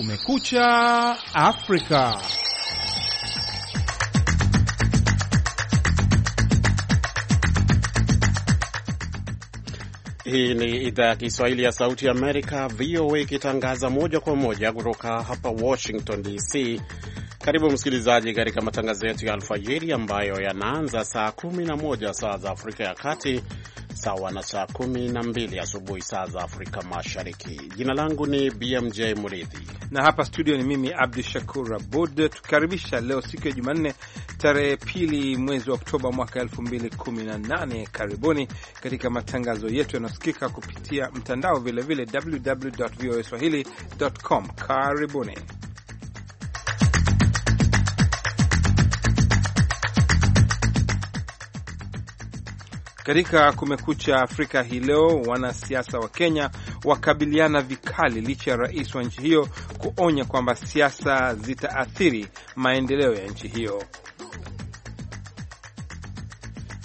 Kumekucha Afrika. Hii ni idhaa ya Kiswahili ya Sauti ya Amerika, VOA, ikitangaza moja kwa moja kutoka hapa Washington DC. Karibu msikilizaji, katika matangazo yetu ya alfajiri ambayo yanaanza saa 11 saa za Afrika ya Kati sawa na saa kumi na mbili asubuhi saa za Afrika Mashariki. Jina langu ni BMJ mridhi na hapa studio ni mimi Abdu Shakur Abud, tukaribisha leo siku ya Jumanne tarehe pili mwezi wa Oktoba mwaka nane. Karibuni katika matangazo yetu yanayosikika kupitia mtandao vilevile www voa swahili.com. Karibuni. Katika Kumekucha Afrika hii leo, wanasiasa wa Kenya wakabiliana vikali licha ya rais wa nchi hiyo kuonya kwamba siasa zitaathiri maendeleo ya nchi hiyo.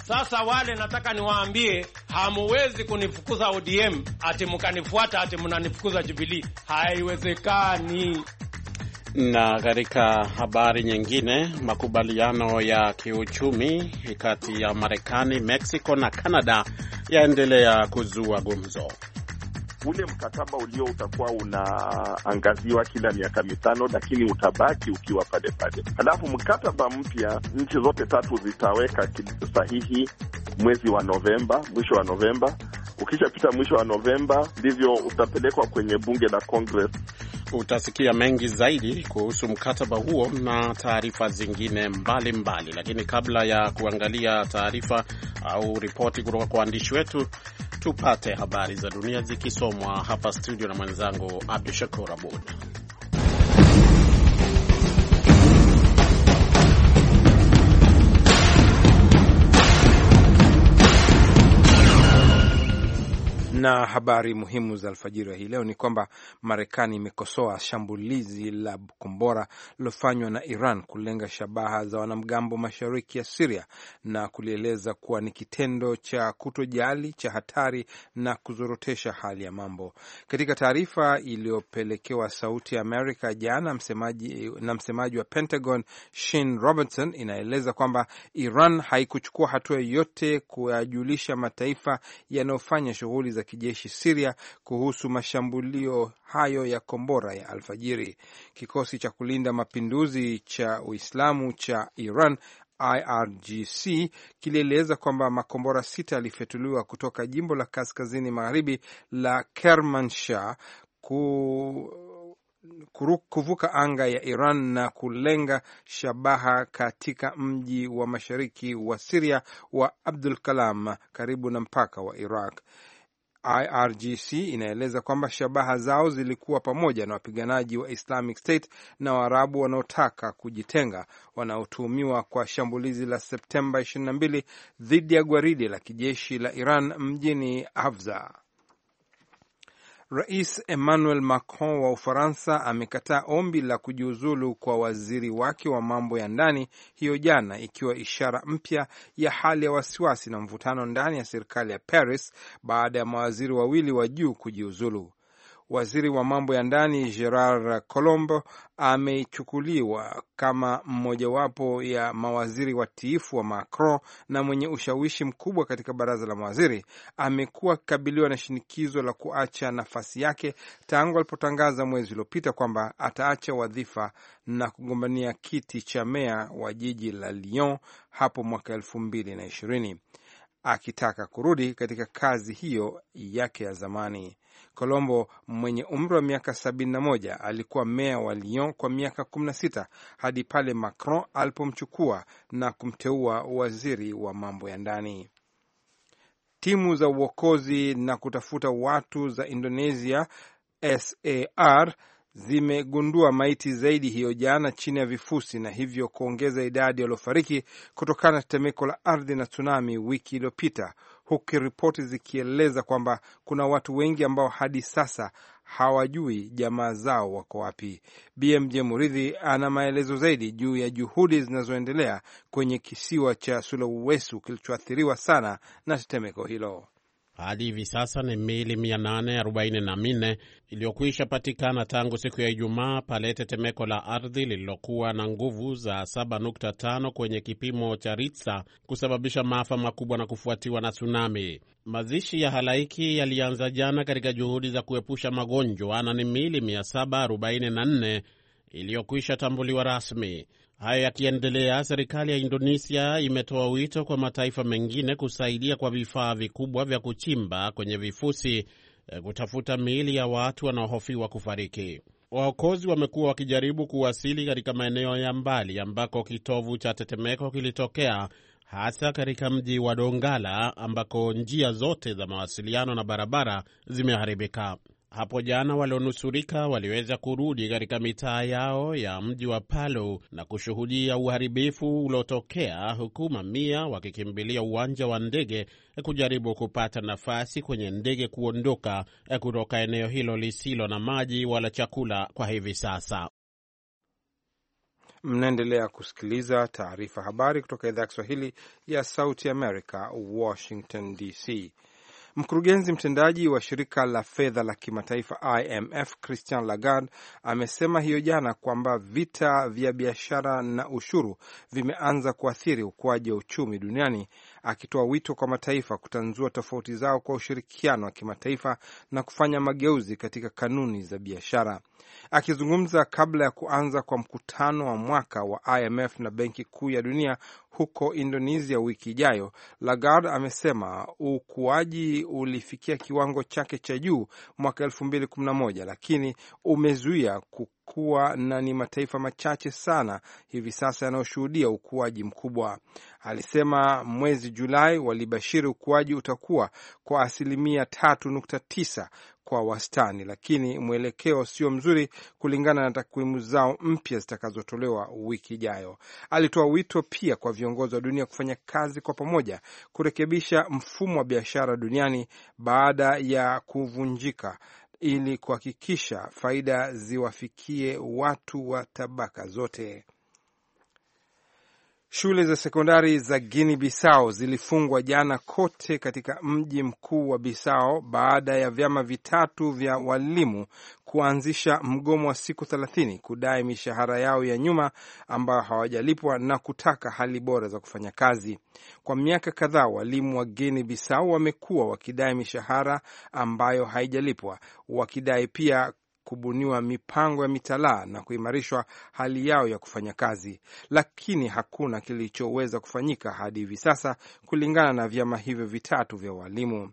Sasa wale nataka niwaambie, hamuwezi kunifukuza ODM ati mkanifuata ati mnanifukuza Jubilii, haiwezekani. Na katika habari nyingine, makubaliano ya kiuchumi kati ya Marekani, Mexico na Canada yaendelea kuzua gumzo ule mkataba ulio utakuwa unaangaziwa kila miaka mitano, lakini utabaki ukiwa pale pale. Halafu mkataba mpya nchi zote tatu zitaweka sahihi mwezi wa Novemba, mwisho wa Novemba. Ukishapita mwisho wa Novemba, ndivyo utapelekwa kwenye bunge la Congress. Utasikia mengi zaidi kuhusu mkataba huo na taarifa zingine mbalimbali mbali. Lakini kabla ya kuangalia taarifa au ripoti kutoka kwa waandishi wetu tupate habari za dunia zikisomwa hapa studio na mwenzangu Abdu Shakur Abud. Na habari muhimu za alfajiri hii leo ni kwamba Marekani imekosoa shambulizi la kombora lilofanywa na Iran kulenga shabaha za wanamgambo mashariki ya Siria na kulieleza kuwa ni kitendo cha kutojali cha hatari na kuzorotesha hali ya mambo. Katika taarifa iliyopelekewa Sauti ya Amerika jana, msemaji na msemaji wa Pentagon Shin Robertson inaeleza kwamba Iran haikuchukua hatua yoyote kuyajulisha mataifa yanayofanya shughuli za kijeshi Siria kuhusu mashambulio hayo ya kombora ya alfajiri. Kikosi cha kulinda mapinduzi cha Uislamu cha Iran IRGC kilieleza kwamba makombora sita yalifyatuliwa kutoka jimbo la kaskazini magharibi la Kermanshah ku kuvuka anga ya Iran na kulenga shabaha katika mji wa mashariki wa Siria wa Abdul Kalam karibu na mpaka wa Iraq. IRGC inaeleza kwamba shabaha zao zilikuwa pamoja na wapiganaji wa Islamic State na Waarabu wanaotaka kujitenga wanaotuhumiwa kwa shambulizi la Septemba 22 dhidi ya gwaridi la kijeshi la Iran mjini Hafza. Rais Emmanuel Macron wa Ufaransa amekataa ombi la kujiuzulu kwa waziri wake wa mambo ya ndani hiyo jana, ikiwa ishara mpya ya hali ya wasiwasi na mvutano ndani ya serikali ya Paris baada ya mawaziri wawili wa juu kujiuzulu waziri wa mambo ya ndani Gerard Colombo amechukuliwa kama mmojawapo ya mawaziri watiifu wa Macron na mwenye ushawishi mkubwa katika baraza la mawaziri. Amekuwa akikabiliwa na shinikizo la kuacha nafasi yake tangu alipotangaza mwezi uliopita kwamba ataacha wadhifa na kugombania kiti cha meya wa jiji la Lyon hapo mwaka elfu mbili na ishirini akitaka kurudi katika kazi hiyo yake ya zamani. Colombo mwenye umri wa miaka 71 alikuwa meya wa Lyon kwa miaka 16 hadi pale Macron alipomchukua na kumteua waziri wa mambo ya ndani. Timu za uokozi na kutafuta watu za Indonesia SAR zimegundua maiti zaidi hiyo jana chini ya vifusi na hivyo kuongeza idadi waliofariki kutokana na tetemeko la ardhi na tsunami wiki iliyopita huku ripoti zikieleza kwamba kuna watu wengi ambao hadi sasa hawajui jamaa zao wako wapi. BMJ Muridhi ana maelezo zaidi juu ya juhudi zinazoendelea kwenye kisiwa cha Sulawesi kilichoathiriwa sana na tetemeko hilo. Hadi hivi sasa ni miili 844 iliyokwisha patikana tangu siku ya Ijumaa pale tetemeko la ardhi lililokuwa na nguvu za 7.5 kwenye kipimo cha Ritsa kusababisha maafa makubwa na kufuatiwa na tsunami. Mazishi ya halaiki yalianza jana katika juhudi za kuepusha magonjwa na ni miili 744 iliyokwisha tambuliwa rasmi. Haya yakiendelea, serikali ya Indonesia imetoa wito kwa mataifa mengine kusaidia kwa vifaa vikubwa vya kuchimba kwenye vifusi eh, kutafuta miili ya watu wanaohofiwa kufariki. Waokozi wamekuwa wakijaribu kuwasili katika maeneo ya mbali ambako kitovu cha tetemeko kilitokea, hasa katika mji wa dongala ambako njia zote za mawasiliano na barabara zimeharibika. Hapo jana walionusurika waliweza kurudi katika mitaa yao ya mji wa palo na kushuhudia uharibifu uliotokea, huku mamia wakikimbilia uwanja wa ndege kujaribu kupata nafasi kwenye ndege kuondoka kutoka eneo hilo lisilo na maji wala chakula kwa hivi sasa. Mnaendelea kusikiliza taarifa habari kutoka idhaa ya Kiswahili ya Sauti Amerika, Washington DC. Mkurugenzi mtendaji wa shirika la fedha la kimataifa IMF Christian Lagarde amesema hiyo jana kwamba vita vya biashara na ushuru vimeanza kuathiri ukuaji wa uchumi duniani, akitoa wito kwa mataifa kutanzua tofauti zao kwa ushirikiano wa kimataifa na kufanya mageuzi katika kanuni za biashara. Akizungumza kabla ya kuanza kwa mkutano wa mwaka wa IMF na Benki Kuu ya Dunia huko Indonesia wiki ijayo, Lagarde amesema ukuaji ulifikia kiwango chake cha juu mwaka 2011 lakini umezuia kukua na ni mataifa machache sana hivi sasa yanayoshuhudia ukuaji mkubwa. Alisema mwezi Julai walibashiri ukuaji utakuwa kwa asilimia 3.9 kwa wastani, lakini mwelekeo sio mzuri kulingana na takwimu zao mpya zitakazotolewa wiki ijayo. Alitoa wito pia kwa viongozi wa dunia kufanya kazi kwa pamoja kurekebisha mfumo wa biashara duniani baada ya kuvunjika ili kuhakikisha faida ziwafikie watu wa tabaka zote. Shule za sekondari za Guini Bissau zilifungwa jana kote katika mji mkuu wa Bissau baada ya vyama vitatu vya walimu kuanzisha mgomo wa siku thelathini kudai mishahara yao ya nyuma ambayo hawajalipwa na kutaka hali bora za kufanya kazi. Kwa miaka kadhaa, walimu wa Guini Bissau wamekuwa wakidai mishahara ambayo haijalipwa, wakidai pia kubuniwa mipango ya mitalaa na kuimarishwa hali yao ya kufanya kazi, lakini hakuna kilichoweza kufanyika hadi hivi sasa, kulingana na vyama hivyo vitatu vya walimu.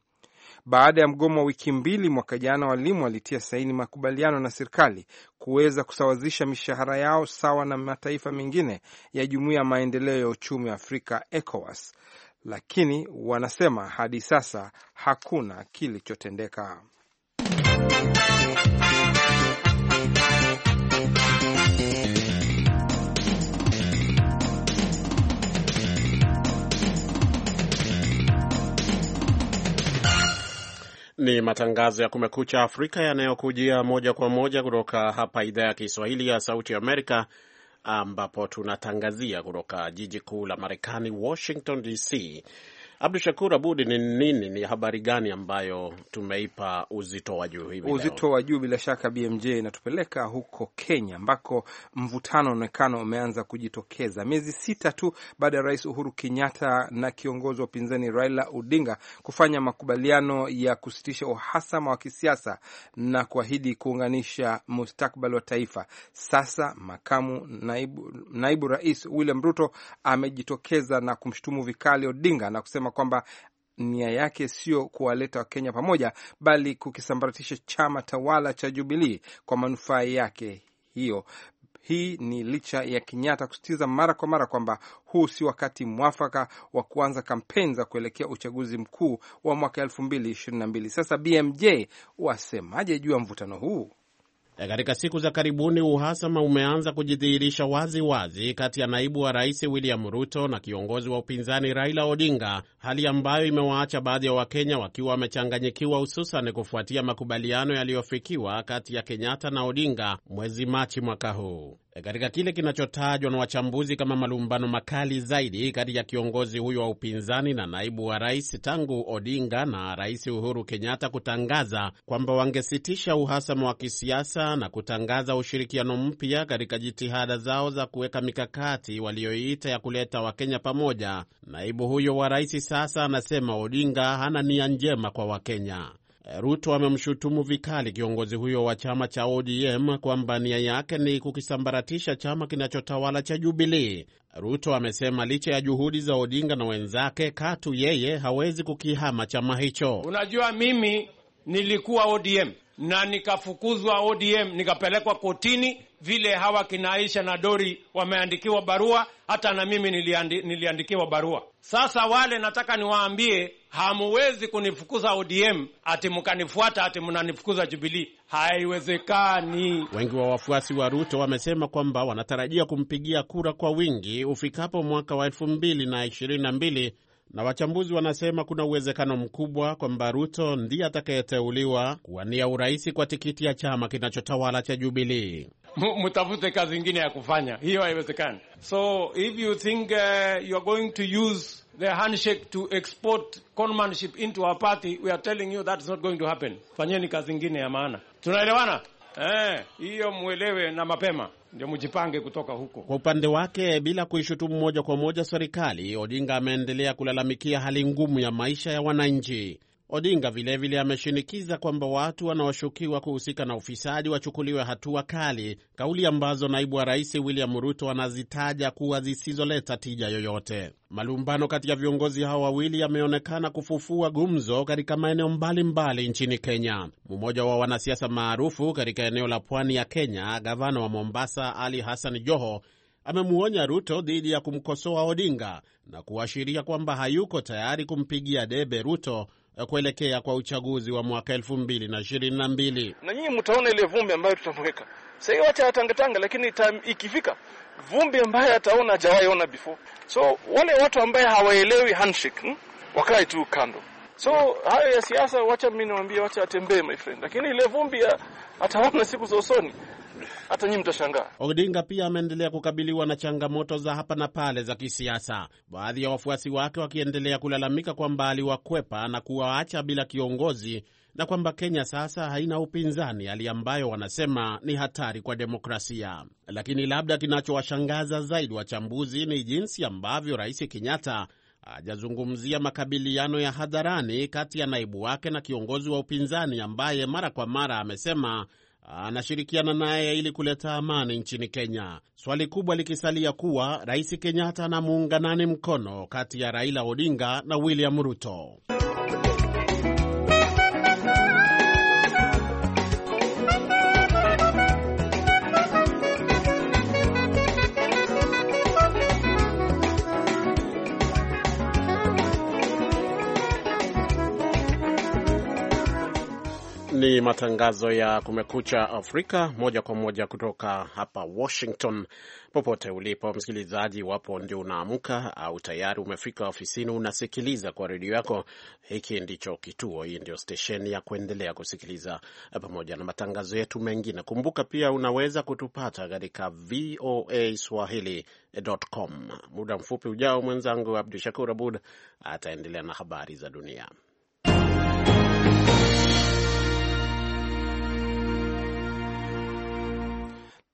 Baada ya mgomo wa wiki mbili mwaka jana, walimu walitia saini makubaliano na serikali kuweza kusawazisha mishahara yao sawa na mataifa mengine ya Jumuiya ya Maendeleo ya Uchumi wa Afrika, ECOWAS, lakini wanasema hadi sasa hakuna kilichotendeka. Ni matangazo ya Kumekucha Afrika yanayokujia moja kwa moja kutoka hapa idhaa ya Kiswahili ya Sauti Amerika, ambapo tunatangazia kutoka jiji kuu la Marekani, Washington DC. Abdu Shakur Abud, ni nini, ni habari gani ambayo tumeipa uzito wa juu hivi? Uzito wa juu bila shaka BMJ inatupeleka huko Kenya, ambako mvutano unaonekana umeanza kujitokeza miezi sita tu baada ya Rais Uhuru Kenyatta na kiongozi wa upinzani Raila Odinga kufanya makubaliano ya kusitisha uhasama wa kisiasa na kuahidi kuunganisha mustakbali wa taifa. Sasa makamu naibu, naibu rais William Ruto amejitokeza na kumshutumu vikali Odinga na kusema kwamba nia yake sio kuwaleta Wakenya pamoja, bali kukisambaratisha chama tawala cha Jubilii kwa manufaa yake hiyo hii ni licha ya Kenyatta kusisitiza mara kwa mara kwamba huu si wakati mwafaka wa kuanza kampeni za kuelekea uchaguzi mkuu wa mwaka elfu mbili ishirini na mbili. Sasa BMJ wasemaje juu ya mvutano huu? Katika siku za karibuni uhasama umeanza kujidhihirisha wazi wazi kati ya naibu wa rais William Ruto na kiongozi wa upinzani Raila Odinga, hali ambayo imewaacha baadhi ya Wakenya wakiwa wamechanganyikiwa, hususan kufuatia makubaliano yaliyofikiwa kati ya Kenyatta na Odinga mwezi Machi mwaka huu. E, katika kile kinachotajwa na wachambuzi kama malumbano makali zaidi kati ya kiongozi huyo wa upinzani na naibu wa rais tangu Odinga na Rais Uhuru Kenyatta kutangaza kwamba wangesitisha uhasama wa kisiasa na kutangaza ushirikiano mpya katika jitihada zao za kuweka mikakati walioita ya kuleta Wakenya pamoja. Naibu huyo wa rais sasa anasema Odinga hana nia njema kwa Wakenya. Eh, Ruto amemshutumu vikali kiongozi huyo wa chama cha ODM kwamba nia yake ni kukisambaratisha chama kinachotawala cha Jubilii. Ruto amesema licha ya juhudi za Odinga na wenzake, katu yeye hawezi kukihama chama hicho. Unajua, mimi nilikuwa ODM na nikafukuzwa ODM, nikapelekwa kotini. Vile hawa kinaisha na Dori wameandikiwa barua, hata na mimi niliandi, niliandikiwa barua sasa wale nataka niwaambie, hamuwezi kunifukuza ODM ati mkanifuata ati mnanifukuza jubilii haiwezekani. Wengi wa wafuasi wa Ruto wamesema kwamba wanatarajia kumpigia kura kwa wingi ufikapo mwaka wa elfu mbili na ishirini na mbili na wachambuzi wanasema kuna uwezekano mkubwa kwamba Ruto ndiye atakayeteuliwa kuwania urais kwa tikiti ya chama kinachotawala cha Jubilii. Mtafute kazi ingine ya kufanya, hiyo haiwezekani. So if you think uh, you are going to use the handshake to export conmanship into our party, we are telling you that's not going to happen. Fanyeni kazi ingine ya maana. Tunaelewana? Eh, hiyo muelewe mwelewe na mapema ndio mjipange kutoka huko. Kwa upande wake, bila kuishutumu moja kwa moja serikali, Odinga ameendelea kulalamikia hali ngumu ya maisha ya wananchi. Odinga vilevile ameshinikiza kwamba watu wanaoshukiwa kuhusika na ufisadi wachukuliwe hatua kali, kauli ambazo naibu wa rais William Ruto anazitaja kuwa zisizoleta tija yoyote. Malumbano kati ya viongozi hao wawili yameonekana kufufua gumzo katika maeneo mbalimbali nchini Kenya. Mmoja wa wanasiasa maarufu katika eneo la pwani ya Kenya, gavana wa Mombasa Ali Hassan Joho amemwonya Ruto dhidi ya kumkosoa Odinga na kuashiria kwamba hayuko tayari kumpigia debe Ruto kuelekea kwa uchaguzi wa mwaka elfu mbili na ishirini na mbili. Na nyinyi mtaona ile vumbi ambayo tutamweka sahii, wacha yatangatanga, lakini time ikifika vumbi ambayo ataona hajawahi ona before. So wale watu ambaye hawaelewi handshake hmm, wakae tu kando. So hayo ya siasa, wacha mimi niwaambie, wacha atembee my friend, lakini ile vumbi ataona siku za usoni hata nyinyi mtashangaa. Odinga pia ameendelea kukabiliwa na changamoto za hapa na pale za kisiasa, baadhi ya wafuasi wake wakiendelea kulalamika kwamba aliwakwepa na kuwaacha bila kiongozi na kwamba Kenya sasa haina upinzani, hali ambayo wanasema ni hatari kwa demokrasia. Lakini labda kinachowashangaza zaidi wachambuzi ni jinsi ambavyo Rais Kenyatta hajazungumzia makabiliano ya hadharani kati ya naibu wake na kiongozi wa upinzani ambaye mara kwa mara amesema anashirikiana naye ili kuleta amani nchini Kenya, swali kubwa likisalia kuwa Rais Kenyatta anamuunga nani mkono kati ya Raila Odinga na William Ruto. ni matangazo ya Kumekucha Afrika moja kwa moja kutoka hapa Washington. Popote ulipo msikilizaji, iwapo ndio unaamka au tayari umefika ofisini, unasikiliza kwa redio yako, hiki ndicho kituo, hii ndio stesheni ya kuendelea kusikiliza pamoja na matangazo yetu mengine. Kumbuka pia unaweza kutupata katika VOA swahili.com. Muda mfupi ujao, mwenzangu Abdu Shakur Abud ataendelea na habari za dunia.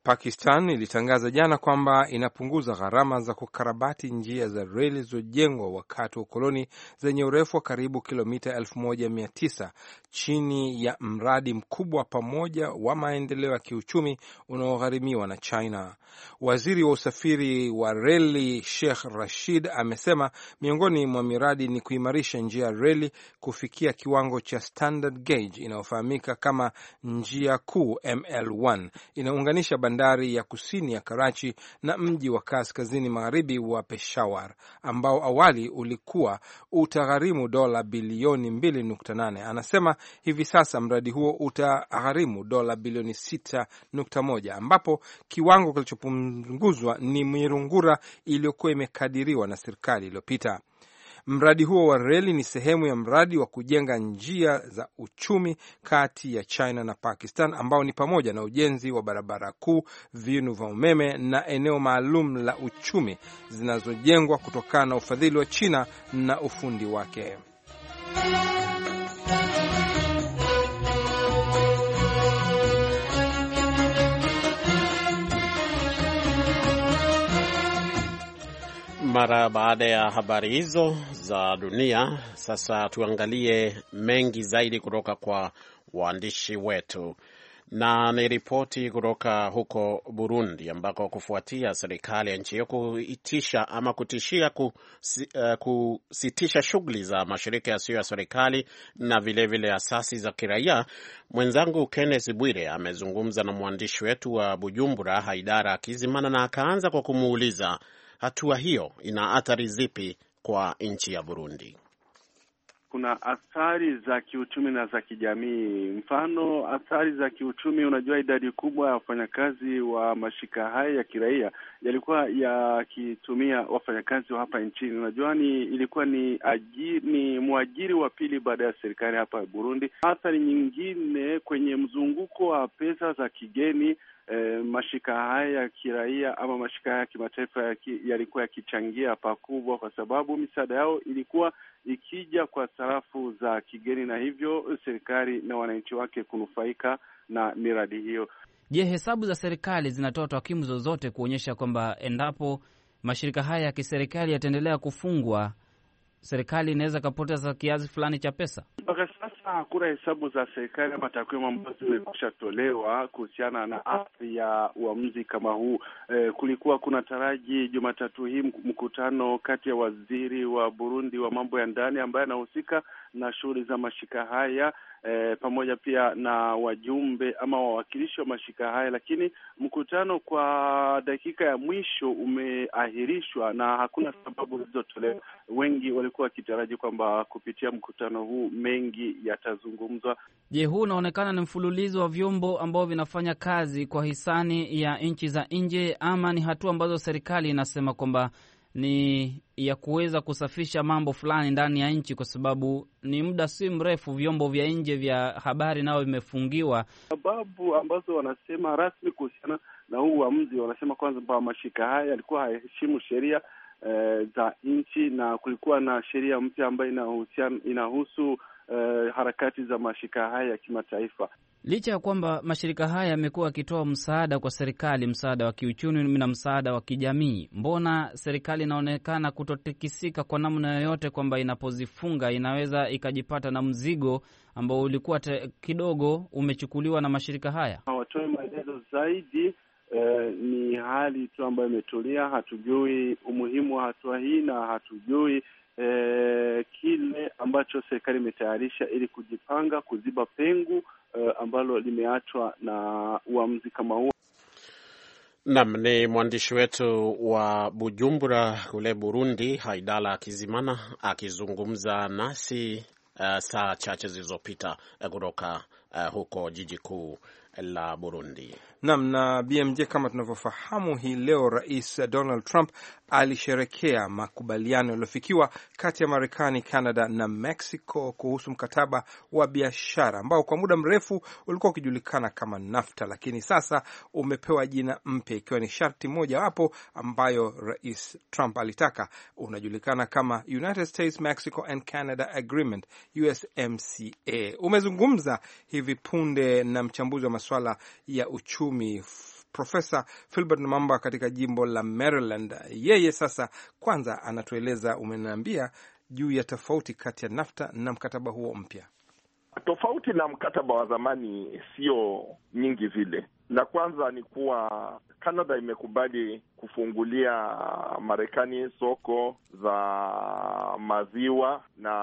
Pakistan ilitangaza jana kwamba inapunguza gharama za kukarabati njia za reli zilizojengwa wakati wa ukoloni zenye urefu wa karibu kilomita 1900 chini ya mradi mkubwa pamoja wa maendeleo ya kiuchumi unaogharimiwa na China. Waziri wa usafiri wa reli Sheikh Rashid amesema miongoni mwa miradi ni kuimarisha njia ya reli kufikia kiwango cha standard gauge inayofahamika kama njia kuu ML1 inaunganisha bandari ya kusini ya Karachi na mji wa kaskazini magharibi wa Peshawar ambao awali ulikuwa utagharimu dola bilioni 2.8. Anasema hivi sasa mradi huo utagharimu dola bilioni 6.1, ambapo kiwango kilichopunguzwa ni mirungura iliyokuwa imekadiriwa na serikali iliyopita. Mradi huo wa reli ni sehemu ya mradi wa kujenga njia za uchumi kati ya China na Pakistan ambao ni pamoja na ujenzi wa barabara kuu, vinu vya umeme na eneo maalum la uchumi zinazojengwa kutokana na ufadhili wa China na ufundi wake. Mara baada ya habari hizo za dunia, sasa tuangalie mengi zaidi kutoka kwa waandishi wetu, na ni ripoti kutoka huko Burundi ambako kufuatia serikali ya nchi hiyo kuitisha ama kutishia eh, kusitisha shughuli za mashirika yasiyo ya serikali na vilevile asasi za kiraia, mwenzangu Kenneth Bwire amezungumza na mwandishi wetu wa Bujumbura, Haidara Akizimana, na akaanza kwa kumuuliza hatua hiyo ina athari zipi kwa nchi ya Burundi? Kuna athari za kiuchumi na za kijamii. Mfano, athari za kiuchumi, unajua, idadi kubwa ya wafanyakazi wa mashirika haya ya kiraia yalikuwa yakitumia wafanyakazi wa hapa nchini. Unajua, ni ilikuwa ni ni mwajiri wa pili baada ya serikali hapa Burundi. Athari nyingine kwenye mzunguko wa pesa za kigeni e, mashirika haya ya kiraia ama mashirika haya ya kimataifa yalikuwa yakichangia pakubwa, kwa sababu misaada yao ilikuwa ikija kwa sarafu za kigeni, na hivyo serikali na wananchi wake kunufaika na miradi hiyo. Je, hesabu za serikali zinatoa takwimu zozote kuonyesha kwamba endapo mashirika haya ya kiserikali yataendelea kufungwa, serikali inaweza ikapoteza kiasi fulani cha pesa? Mpaka sasa hakuna ah, hesabu za serikali ama takwimu ambazo zimekusha tolewa kuhusiana na athari ya uamuzi kama huu. Eh, kulikuwa kuna taraji Jumatatu hii mkutano kati ya waziri wa Burundi wa mambo ya ndani ambaye anahusika na, na shughuli za mashika haya e, pamoja pia na wajumbe ama wawakilishi wa mashika haya, lakini mkutano kwa dakika ya mwisho umeahirishwa na hakuna sababu zilizotolewa. Wengi walikuwa wakitaraji kwamba kupitia mkutano huu mengi ya yatazungumzwa. Je, huu unaonekana ni mfululizo wa vyombo ambao vinafanya kazi kwa hisani ya nchi za nje, ama ni hatua ambazo serikali inasema kwamba ni ya kuweza kusafisha mambo fulani ndani ya nchi, kwa sababu ni muda si mrefu vyombo vya nje vya habari nao vimefungiwa. Sababu ambazo wanasema rasmi kuhusiana na huu uamuzi, wanasema kwanza kwamba mashirika haya yalikuwa hayaheshimu sheria e, za nchi na kulikuwa na sheria mpya ambayo inahusu uh, harakati za mashirika haya ya kimataifa. Licha ya kwamba mashirika haya yamekuwa yakitoa msaada kwa serikali, msaada wa kiuchumi na msaada wa kijamii, mbona serikali inaonekana kutotikisika kwa namna yoyote, kwamba inapozifunga inaweza ikajipata na mzigo ambao ulikuwa kidogo umechukuliwa na mashirika haya? Watoe maelezo zaidi Eh, ni hali tu ambayo imetulia. Hatujui umuhimu wa hatua hii na hatujui eh, kile ambacho serikali imetayarisha ili kujipanga kuziba pengo eh, ambalo limeachwa na uamuzi kama huo. Nam ni mwandishi wetu wa Bujumbura kule Burundi, Haidala Kizimana akizungumza nasi uh, saa chache zilizopita eh, kutoka uh, huko jiji kuu la Burundi. Nam na BMJ, kama tunavyofahamu, hii leo Rais Donald Trump alisherekea makubaliano yaliyofikiwa kati ya Marekani, Canada na Mexico kuhusu mkataba wa biashara ambao kwa muda mrefu ulikuwa ukijulikana kama NAFTA, lakini sasa umepewa jina mpya, ikiwa ni sharti mojawapo ambayo Rais Trump alitaka, unajulikana kama United States Mexico and Canada Agreement, USMCA. Umezungumza hivi punde na mchambuzi wa masuala ya uchumi uchumi Profesa Filbert Mamba katika jimbo la Maryland. Yeye sasa kwanza anatueleza, umeniambia juu ya tofauti kati ya NAFTA na mkataba huo mpya. Tofauti na mkataba wa zamani sio nyingi vile. La kwanza ni kuwa Canada imekubali kufungulia Marekani soko za maziwa na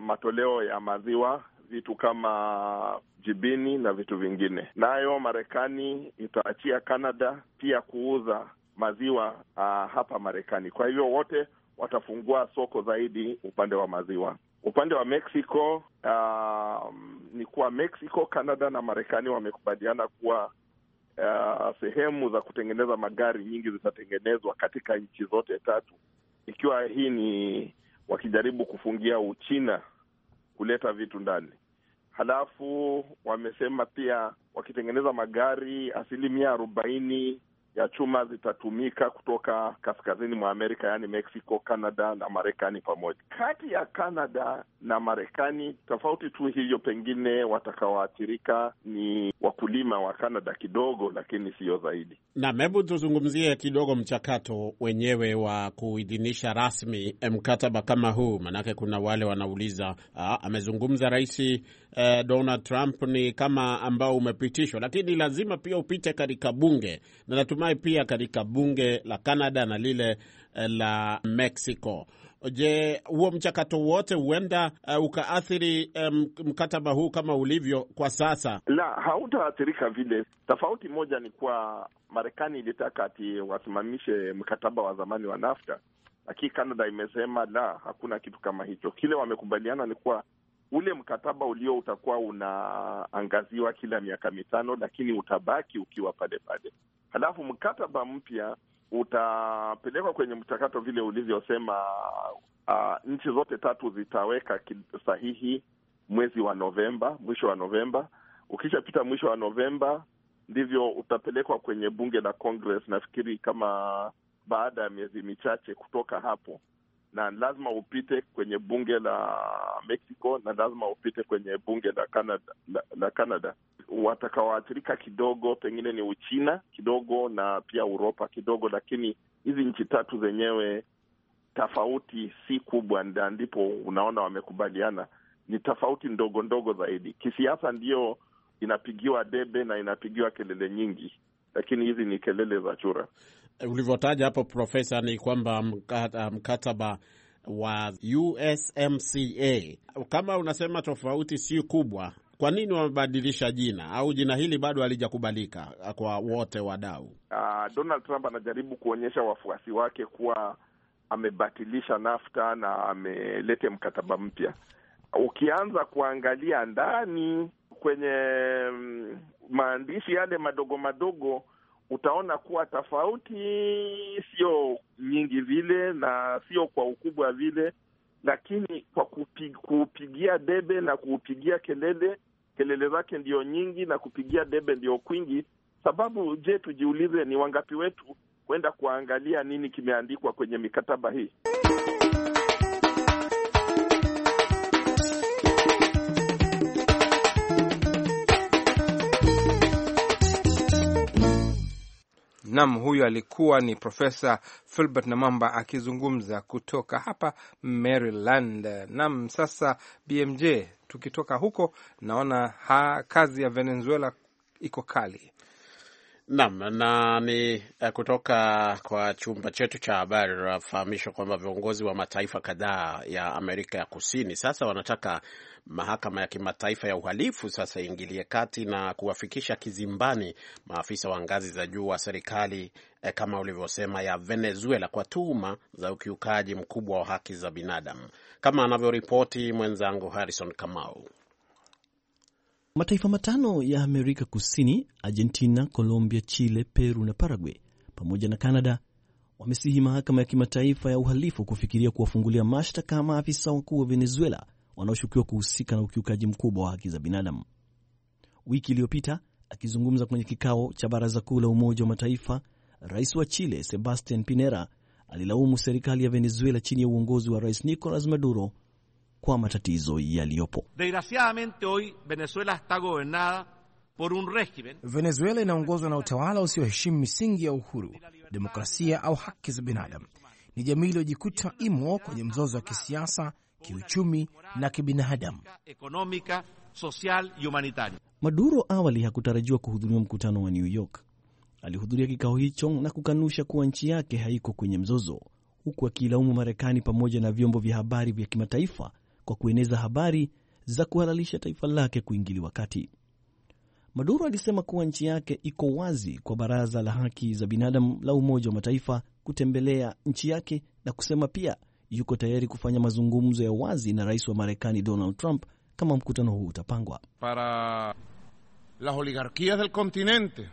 matoleo ya maziwa vitu kama jibini na vitu vingine. Nayo na Marekani itaachia Canada pia kuuza maziwa uh, hapa Marekani. Kwa hivyo wote watafungua soko zaidi upande wa maziwa. Upande wa Mexico uh, ni kuwa Mexico, Canada na Marekani wamekubaliana kuwa uh, sehemu za kutengeneza magari nyingi zitatengenezwa katika nchi zote tatu, ikiwa hii ni wakijaribu kufungia Uchina kuleta vitu ndani. Halafu wamesema pia wakitengeneza magari asilimia arobaini ya chuma zitatumika kutoka kaskazini mwa Amerika, yaani Mexico, Canada na Marekani pamoja. Kati ya Canada na Marekani, tofauti tu hiyo, pengine watakaoathirika ni wakulima wa Canada kidogo, lakini siyo zaidi. Naam, hebu tuzungumzie kidogo mchakato wenyewe wa kuidhinisha rasmi mkataba kama huu, manake kuna wale wanauliza, ah, amezungumza raisi eh, Donald Trump ni kama ambao umepitishwa, lakini lazima pia upite katika bunge, na natumai pia katika bunge la Canada na lile eh, la Mexico. Je, huo mchakato wote huenda uh, ukaathiri um, mkataba huu kama ulivyo kwa sasa? La, hautaathirika vile. Tofauti moja ni kuwa Marekani ilitaka ati wasimamishe mkataba wa zamani wa NAFTA, lakini Canada imesema la, hakuna kitu kama hicho. Kile wamekubaliana ni kuwa ule mkataba ulio utakuwa unaangaziwa kila miaka mitano, lakini utabaki ukiwa pale pale. Halafu mkataba mpya utapelekwa kwenye mchakato vile ulivyosema. Uh, nchi zote tatu zitaweka sahihi mwezi wa Novemba, mwisho wa Novemba. Ukishapita mwisho wa Novemba, ndivyo utapelekwa kwenye bunge la Congress, nafikiri kama baada ya miezi michache kutoka hapo na lazima upite kwenye bunge la Mexico na lazima upite kwenye bunge la Canada, la, la Canada. Watakaoathirika kidogo pengine ni Uchina kidogo na pia Uropa kidogo, lakini hizi nchi tatu zenyewe tofauti si kubwa, na ndipo unaona wamekubaliana, ni tofauti ndogo ndogo zaidi. Kisiasa ndiyo inapigiwa debe na inapigiwa kelele nyingi, lakini hizi ni kelele za chura ulivyotaja hapo Profesa, ni kwamba mkataba wa USMCA kama unasema tofauti si kubwa, kwa nini wamebadilisha jina au jina hili bado halijakubalika kwa wote wadau? Uh, Donald Trump anajaribu kuonyesha wafuasi wake kuwa amebatilisha NAFTA na amelete mkataba mpya. Ukianza kuangalia ndani kwenye mm, maandishi yale madogo madogo utaona kuwa tofauti sio nyingi vile na sio kwa ukubwa vile, lakini kwa kupig, kuupigia debe na kuupigia kelele, kelele zake ndio nyingi na kupigia debe ndio kwingi. Sababu je, tujiulize, ni wangapi wetu kwenda kuangalia nini kimeandikwa kwenye mikataba hii? Nam, huyu alikuwa ni Profesa Filbert Namamba akizungumza kutoka hapa Maryland. Nam, sasa BMJ, tukitoka huko naona ha, kazi ya Venezuela iko kali Naam, na ni eh, kutoka kwa chumba chetu cha habari tunafahamishwa kwamba viongozi wa mataifa kadhaa ya Amerika ya Kusini sasa wanataka mahakama ya kimataifa ya uhalifu sasa iingilie kati na kuwafikisha kizimbani maafisa wa ngazi za juu wa serikali eh, kama ulivyosema ya Venezuela kwa tuhuma za ukiukaji mkubwa wa haki za binadamu, kama anavyoripoti mwenzangu Harrison Kamau. Mataifa matano ya Amerika Kusini, Argentina, Colombia, Chile, Peru na Paraguay pamoja na Canada wamesihi mahakama ya kimataifa ya uhalifu kufikiria kuwafungulia mashtaka maafisa wakuu wa Venezuela wanaoshukiwa kuhusika na ukiukaji mkubwa wa haki za binadamu. Wiki iliyopita akizungumza kwenye kikao cha baraza kuu la Umoja wa Mataifa, rais wa Chile Sebastian Pinera alilaumu serikali ya Venezuela chini ya uongozi wa rais Nicolas Maduro kwa matatizo yaliyopo. Venezuela inaongozwa na utawala usioheshimu misingi ya uhuru, demokrasia au haki za binadamu. Ni jamii iliyojikuta imo kwenye mzozo wa kisiasa, kiuchumi na kibinadamu. Maduro awali hakutarajiwa kuhudhuria mkutano wa New York. Alihudhuria kikao hicho na kukanusha kuwa nchi yake haiko kwenye mzozo, huku akiilaumu Marekani pamoja na vyombo vya habari vya kimataifa kwa kueneza habari za kuhalalisha taifa lake kuingiliwa kati. Maduro alisema kuwa nchi yake iko wazi kwa Baraza la Haki za Binadamu la Umoja wa Mataifa kutembelea nchi yake na kusema pia yuko tayari kufanya mazungumzo ya wazi na rais wa Marekani Donald Trump kama mkutano huu utapangwa. Para las del continente,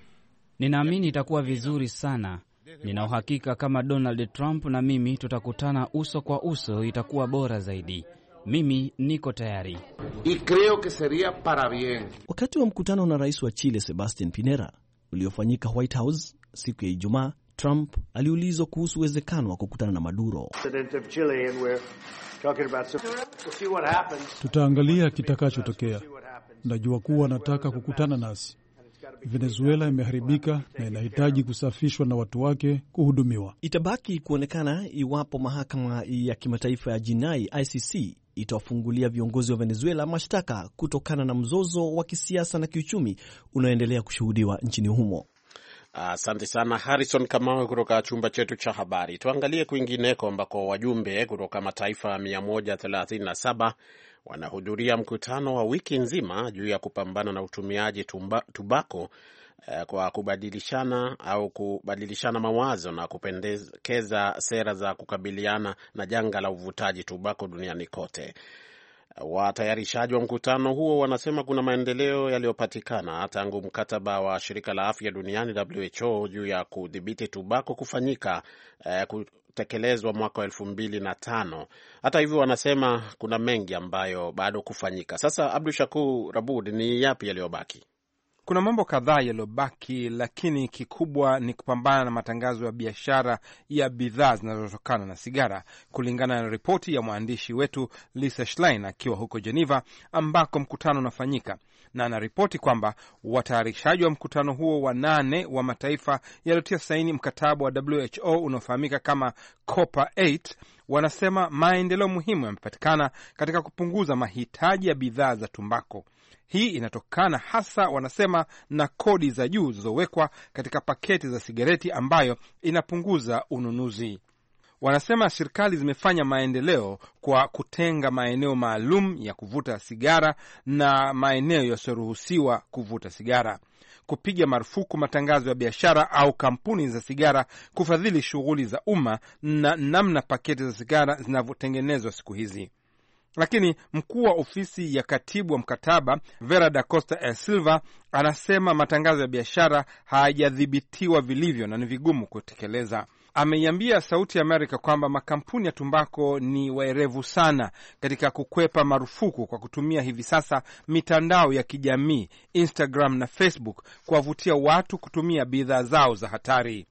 ninaamini itakuwa vizuri sana. Nina uhakika kama Donald Trump na mimi tutakutana uso kwa uso, itakuwa bora zaidi. Mimi niko tayari. Y creo que seria para bien. Wakati wa mkutano na rais wa Chile Sebastian Pinera uliofanyika White House siku ya Ijumaa, Trump aliulizwa kuhusu uwezekano wa kukutana na Maduro. Tutaangalia kitakachotokea. Najua kuwa anataka kukutana nasi. Venezuela imeharibika na inahitaji kusafishwa na watu wake kuhudumiwa. Itabaki kuonekana iwapo mahakama ya kimataifa ya jinai ICC itawafungulia viongozi wa Venezuela mashtaka kutokana na mzozo wa kisiasa na kiuchumi unaoendelea kushuhudiwa nchini humo. Asante sana Harrison Kamau kutoka chumba chetu cha habari. Tuangalie kwingineko ambako wajumbe kutoka mataifa 137 wanahudhuria mkutano wa wiki nzima juu ya kupambana na utumiaji tumba, tubako Eh, kwa kubadilishana au kubadilishana mawazo na kupendekeza sera za kukabiliana na janga la uvutaji tumbaku duniani kote. Watayarishaji wa mkutano huo wanasema kuna maendeleo yaliyopatikana tangu mkataba wa shirika la afya duniani WHO juu ya kudhibiti tubako kufanyika eh, kutekelezwa mwaka wa elfu mbili na tano. Hata hivyo, wanasema kuna mengi ambayo bado kufanyika. Sasa, Abdu Shakur Rabud, ni yapi yaliyobaki? Kuna mambo kadhaa yaliyobaki, lakini kikubwa ni kupambana na matangazo ya biashara ya bidhaa zinazotokana na sigara, kulingana na ripoti ya mwandishi wetu Lisa Schlein akiwa huko Geneva ambako mkutano unafanyika, na anaripoti kwamba watayarishaji wa mkutano huo wa nane wa mataifa yaliyotia saini mkataba wa WHO unaofahamika kama Copa 8 wanasema maendeleo muhimu yamepatikana katika kupunguza mahitaji ya bidhaa za tumbako. Hii inatokana hasa, wanasema, na kodi za juu zilizowekwa katika paketi za sigareti ambayo inapunguza ununuzi. Wanasema serikali zimefanya maendeleo kwa kutenga maeneo maalum ya kuvuta sigara na maeneo yasiyoruhusiwa kuvuta sigara, kupiga marufuku matangazo ya biashara au kampuni za sigara, kufadhili shughuli za umma na namna paketi za sigara zinavyotengenezwa siku hizi. Lakini mkuu wa ofisi ya katibu wa mkataba Vera da Costa e Silva anasema matangazo ya biashara hayajadhibitiwa vilivyo na ni vigumu kutekeleza ameiambia Sauti ya Amerika kwamba makampuni ya tumbako ni waerevu sana katika kukwepa marufuku kwa kutumia hivi sasa mitandao ya kijamii Instagram na Facebook kuwavutia watu kutumia bidhaa zao za hatari.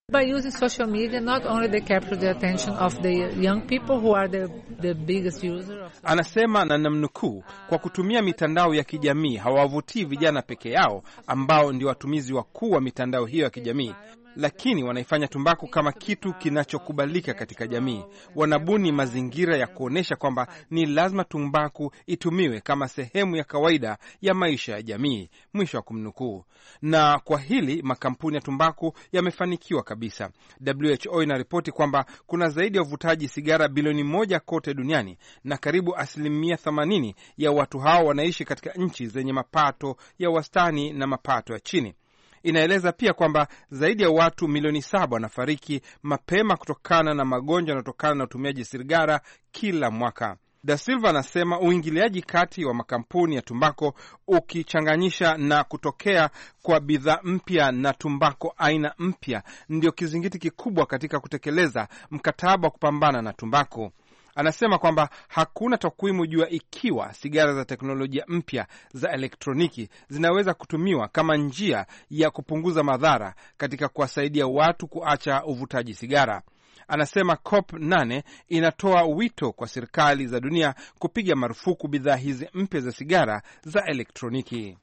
Anasema na namnukuu, kwa kutumia mitandao ya kijamii hawavutii vijana peke yao ambao ndio watumizi wakuu wa mitandao hiyo ya kijamii lakini wanaifanya tumbaku kama kitu kinachokubalika katika jamii. Wanabuni mazingira ya kuonyesha kwamba ni lazima tumbaku itumiwe kama sehemu ya kawaida ya maisha ya jamii, mwisho wa kumnukuu. Na kwa hili makampuni ya tumbaku yamefanikiwa kabisa. WHO inaripoti kwamba kuna zaidi ya uvutaji sigara bilioni moja kote duniani na karibu asilimia 80 ya watu hao wanaishi katika nchi zenye mapato ya wastani na mapato ya chini. Inaeleza pia kwamba zaidi ya watu milioni saba wanafariki mapema kutokana na magonjwa yanayotokana na utumiaji sigara kila mwaka. Da Silva anasema uingiliaji kati wa makampuni ya tumbako ukichanganyisha na kutokea kwa bidhaa mpya na tumbako aina mpya ndio kizingiti kikubwa katika kutekeleza mkataba wa kupambana na tumbako. Anasema kwamba hakuna takwimu jua ikiwa sigara za teknolojia mpya za elektroniki zinaweza kutumiwa kama njia ya kupunguza madhara katika kuwasaidia watu kuacha uvutaji sigara. Anasema COP 8 inatoa wito kwa serikali za dunia kupiga marufuku bidhaa hizi mpya za sigara za elektroniki.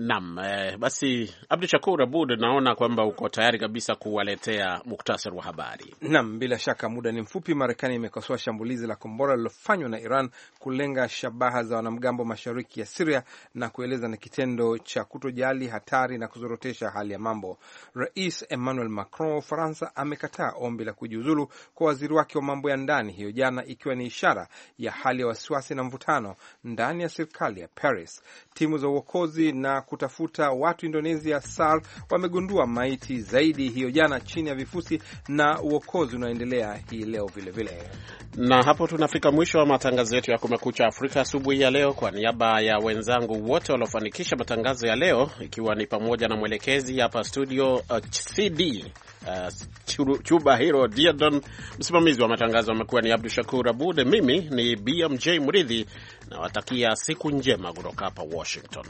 Naam, eh, basi Abdu Shakur Abud, naona kwamba uko tayari kabisa kuwaletea muktasari wa habari. Naam, bila shaka muda ni mfupi. Marekani imekosoa shambulizi la kombora lililofanywa na Iran kulenga shabaha za wanamgambo mashariki ya Siria na kueleza ni kitendo cha kutojali hatari na kuzorotesha hali ya mambo. Rais Emmanuel Macron wa Ufaransa amekataa ombi la kujiuzulu kwa waziri wake wa mambo ya ndani hiyo jana, ikiwa ni ishara ya hali ya wasiwasi na mvutano ndani ya serikali ya Paris. Timu za uokozi na kutafuta watu Indonesia SAR wamegundua maiti zaidi hiyo jana chini ya vifusi, na uokozi unaendelea hii leo vilevile vile. Na hapo tunafika mwisho wa matangazo yetu ya Kumekucha Afrika asubuhi ya leo. Kwa niaba ya wenzangu wote waliofanikisha matangazo ya leo, ikiwa ni pamoja na mwelekezi hapa studio uh, CD uh, Chuba Hiro Diadon, msimamizi wa matangazo amekuwa ni Abdu Shakur Abud, mimi ni BMJ mridhi nawatakia siku njema kutoka hapa Washington.